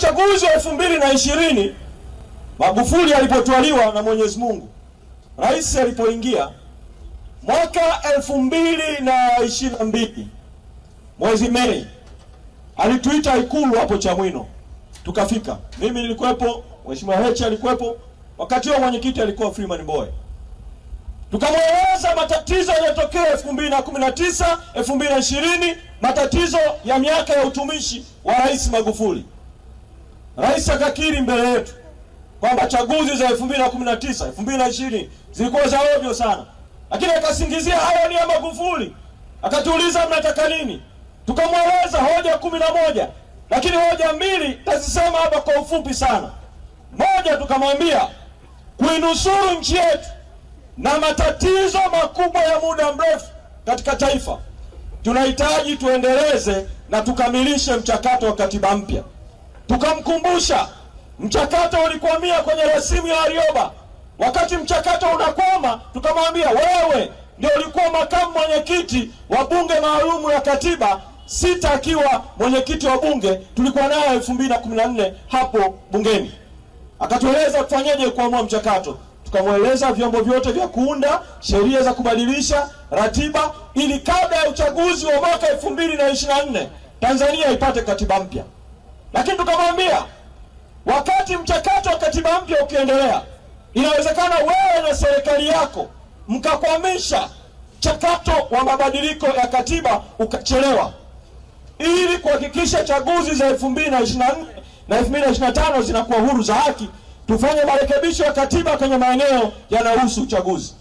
uchaguzi wa elfu mbili na ishirini Magufuli alipotwaliwa na Mwenyezi Mungu, rais alipoingia mwaka elfu mbili na ishirini na mbili mwezi Mei alituita Ikulu hapo Chamwino, tukafika. Mimi nilikuwepo, Mheshimiwa Heche alikuwepo, wakati huo mwenyekiti alikuwa Freeman Boy. Tukamweleza matatizo yaliyotokea elfu mbili na kumi na tisa elfu mbili na ishirini matatizo ya miaka ya utumishi wa Rais Magufuli. Rais akakiri mbele yetu kwamba chaguzi za 2019 2020 zilikuwa za ovyo sana, lakini akasingizia hayo ni ya Magufuli. Akatuuliza mnataka nini? Tukamweleza hoja kumi na moja, lakini hoja mbili tazisema hapa kwa ufupi sana. Moja, tukamwambia kuinusuru nchi yetu na matatizo makubwa ya muda mrefu katika taifa, tunahitaji tuendeleze na tukamilishe mchakato wa katiba mpya tukamkumbusha mchakato ulikwamia kwenye rasimu ya Warioba. Wakati mchakato unakwama, tukamwambia wewe ndio ulikuwa makamu mwenyekiti wa bunge maalumu la katiba sita, akiwa mwenyekiti wa bunge tulikuwa naye elfu mbili na kumi na nne hapo bungeni, akatueleza tufanyeje kuamua mchakato tukamweleza vyombo vyote vya kuunda sheria za kubadilisha ratiba ili kabla ya uchaguzi wa mwaka elfu mbili na ishirini na nne Tanzania ipate katiba mpya. Lakini tukamwambia wakati mchakato wa katiba mpya ukiendelea, inawezekana wewe na serikali yako mkakwamisha mchakato wa mabadiliko ya katiba ukachelewa, ili kuhakikisha chaguzi za 2024 na 2025 zinakuwa huru za haki, tufanye marekebisho ya katiba kwenye maeneo yanayohusu uchaguzi.